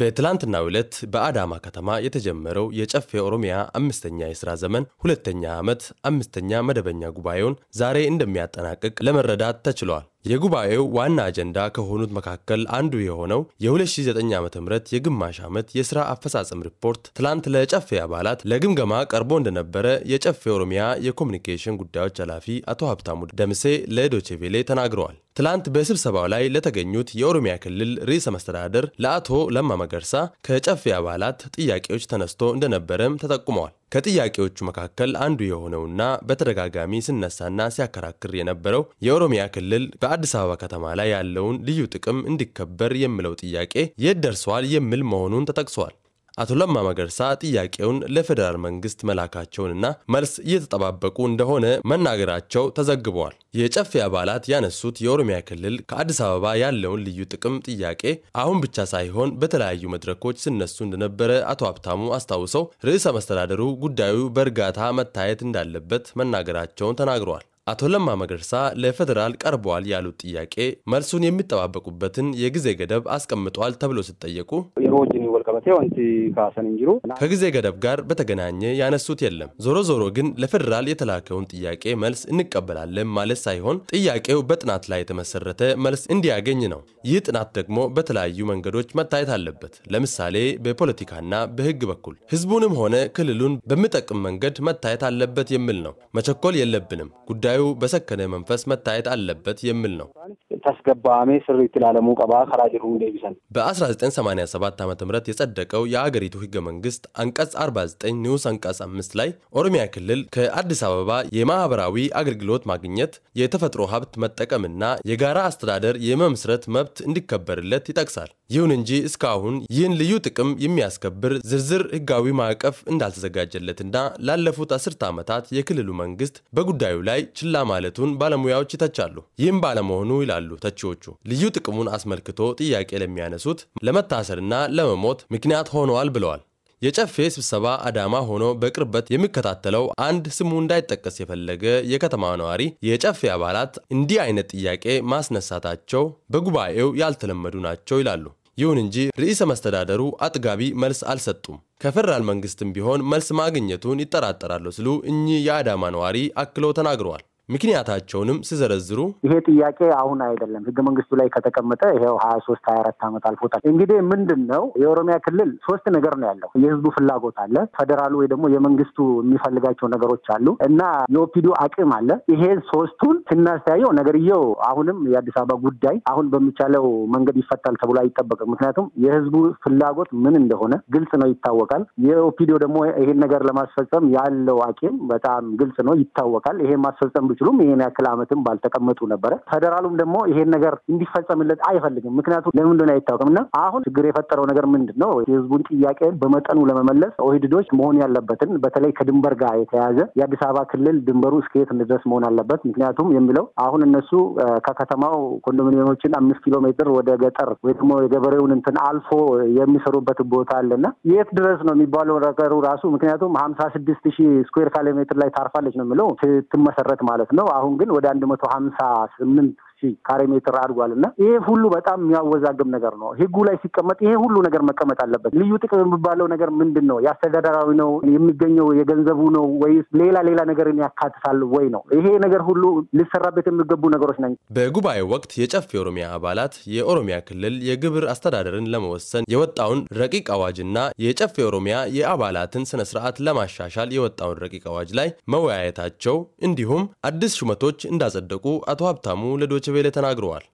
በትላንትናው ዕለት በአዳማ ከተማ የተጀመረው የጨፌ ኦሮሚያ አምስተኛ የሥራ ዘመን ሁለተኛ ዓመት አምስተኛ መደበኛ ጉባኤውን ዛሬ እንደሚያጠናቅቅ ለመረዳት ተችሏል። የጉባኤው ዋና አጀንዳ ከሆኑት መካከል አንዱ የሆነው የ2009 ዓ ም የግማሽ ዓመት የሥራ አፈጻጸም ሪፖርት ትላንት ለጨፌ አባላት ለግምገማ ቀርቦ እንደነበረ የጨፌ ኦሮሚያ የኮሚኒኬሽን ጉዳዮች ኃላፊ አቶ ሀብታሙ ደምሴ ለዶቼቬሌ ተናግረዋል። ትላንት በስብሰባው ላይ ለተገኙት የኦሮሚያ ክልል ርዕሰ መስተዳደር ለአቶ ለማ መገርሳ ከጨፌ አባላት ጥያቄዎች ተነስቶ እንደነበረም ተጠቁመዋል። ከጥያቄዎቹ መካከል አንዱ የሆነውና በተደጋጋሚ ሲነሳና ሲያከራክር የነበረው የኦሮሚያ ክልል በአዲስ አበባ ከተማ ላይ ያለውን ልዩ ጥቅም እንዲከበር የሚለው ጥያቄ የት ደርሰዋል የሚል መሆኑን ተጠቅሷል። አቶ ለማ መገርሳ ጥያቄውን ለፌዴራል መንግስት መላካቸውንና መልስ እየተጠባበቁ እንደሆነ መናገራቸው ተዘግበዋል። የጨፌ አባላት ያነሱት የኦሮሚያ ክልል ከአዲስ አበባ ያለውን ልዩ ጥቅም ጥያቄ አሁን ብቻ ሳይሆን በተለያዩ መድረኮች ሲነሱ እንደነበረ አቶ ሀብታሙ አስታውሰው ርዕሰ መስተዳደሩ ጉዳዩ በእርጋታ መታየት እንዳለበት መናገራቸውን ተናግረዋል። አቶ ለማ መገርሳ ለፌዴራል ቀርበዋል ያሉት ጥያቄ መልሱን የሚጠባበቁበትን የጊዜ ገደብ አስቀምጧል ተብሎ ሲጠየቁ ከጊዜ ገደብ ጋር በተገናኘ ያነሱት የለም። ዞሮ ዞሮ ግን ለፌዴራል የተላከውን ጥያቄ መልስ እንቀበላለን ማለት ሳይሆን ጥያቄው በጥናት ላይ የተመሰረተ መልስ እንዲያገኝ ነው። ይህ ጥናት ደግሞ በተለያዩ መንገዶች መታየት አለበት። ለምሳሌ በፖለቲካና በሕግ በኩል ህዝቡንም ሆነ ክልሉን በሚጠቅም መንገድ መታየት አለበት የሚል ነው። መቸኮል የለብንም ጉዳይ ጉዳዩ በሰከነ መንፈስ መታየት አለበት የሚል ነው። ተስገባሜ ስሪት ላለሙ ቀባ ከራ ጅሩ ደቢሰን በ1987 ዓ ም የጸደቀው የአገሪቱ ህገ መንግስት አንቀጽ 49 ንዑስ አንቀጽ 5 ላይ ኦሮሚያ ክልል ከአዲስ አበባ የማህበራዊ አገልግሎት ማግኘት፣ የተፈጥሮ ሀብት መጠቀምና የጋራ አስተዳደር የመመስረት መብት እንዲከበርለት ይጠቅሳል። ይሁን እንጂ እስካሁን ይህን ልዩ ጥቅም የሚያስከብር ዝርዝር ህጋዊ ማዕቀፍ እንዳልተዘጋጀለትና ላለፉት አስርተ ዓመታት የክልሉ መንግስት በጉዳዩ ላይ ችላ ማለቱን ባለሙያዎች ይተቻሉ። ይህም ባለመሆኑ ይላሉ ተቺዎቹ ልዩ ጥቅሙን አስመልክቶ ጥያቄ ለሚያነሱት ለመታሰርና ለመሞት ምክንያት ሆነዋል ብለዋል። የጨፌ ስብሰባ አዳማ ሆኖ በቅርበት የሚከታተለው አንድ ስሙ እንዳይጠቀስ የፈለገ የከተማ ነዋሪ የጨፌ አባላት እንዲህ አይነት ጥያቄ ማስነሳታቸው በጉባኤው ያልተለመዱ ናቸው ይላሉ። ይሁን እንጂ ርዕሰ መስተዳደሩ አጥጋቢ መልስ አልሰጡም። ከፌደራል መንግስትም ቢሆን መልስ ማግኘቱን ይጠራጠራሉ ሲሉ እኚህ የአዳማ ነዋሪ አክለው ተናግረዋል። ምክንያታቸውንም ሲዘረዝሩ ይሄ ጥያቄ አሁን አይደለም፣ ህገ መንግስቱ ላይ ከተቀመጠ ይሄው ሀያ ሶስት ሀያ አራት አመት አልፎታል። እንግዲህ ምንድን ነው የኦሮሚያ ክልል ሶስት ነገር ነው ያለው። የህዝቡ ፍላጎት አለ፣ ፌዴራሉ ወይ ደግሞ የመንግስቱ የሚፈልጋቸው ነገሮች አሉ እና የኦፒዲ አቅም አለ። ይሄ ሶስቱን ስናስተያየው ነገርየው አሁንም የአዲስ አበባ ጉዳይ አሁን በሚቻለው መንገድ ይፈታል ተብሎ አይጠበቅም። ምክንያቱም የህዝቡ ፍላጎት ምን እንደሆነ ግልጽ ነው፣ ይታወቃል። የኦፒዲ ደግሞ ይሄን ነገር ለማስፈጸም ያለው አቅም በጣም ግልጽ ነው፣ ይታወቃል። ይሄ ማስፈጸም አይችሉም። ይሄን ያክል ዓመትም ባልተቀመጡ ነበረ። ፌደራሉም ደግሞ ይሄን ነገር እንዲፈጸምለት አይፈልግም። ምክንያቱም ለምን እንደሆነ አይታወቅም። እና አሁን ችግር የፈጠረው ነገር ምንድን ነው? የህዝቡን ጥያቄን በመጠኑ ለመመለስ ኦህዴዶች መሆን ያለበትን በተለይ ከድንበር ጋር የተያያዘ የአዲስ አበባ ክልል ድንበሩ እስከየት እንድረስ መሆን አለበት። ምክንያቱም የሚለው አሁን እነሱ ከከተማው ኮንዶሚኒየሞችን አምስት ኪሎ ሜትር ወደ ገጠር ወይ ደግሞ የገበሬውን እንትን አልፎ የሚሰሩበት ቦታ አለና የት ድረስ ነው የሚባለው ነገሩ ራሱ ምክንያቱም ሀምሳ ስድስት ሺህ ስኩዌር ካሌ ሜትር ላይ ታርፋለች ነው የሚለው ስትመሰረት ማለት ነው። አሁን ግን ወደ አንድ መቶ ሀምሳ ስምንት ካሬ ሜትር አድጓል እና ይሄ ሁሉ በጣም የሚያወዛግብ ነገር ነው። ህጉ ላይ ሲቀመጥ ይሄ ሁሉ ነገር መቀመጥ አለበት። ልዩ ጥቅም የሚባለው ነገር ምንድን ነው? የአስተዳደራዊ ነው የሚገኘው የገንዘቡ ነው ወይስ ሌላ ሌላ ነገርን ያካትታል ወይ ነው? ይሄ ነገር ሁሉ ሊሰራበት የሚገቡ ነገሮች ነኝ። በጉባኤው ወቅት የጨፌ ኦሮሚያ አባላት የኦሮሚያ ክልል የግብር አስተዳደርን ለመወሰን የወጣውን ረቂቅ አዋጅና የጨፌ ኦሮሚያ የአባላትን ስነስርዓት ለማሻሻል የወጣውን ረቂቅ አዋጅ ላይ መወያየታቸው እንዲሁም አዲስ ሹመቶች እንዳጸደቁ አቶ ሀብታሙ ለዶችቬሌ ተናግረዋል።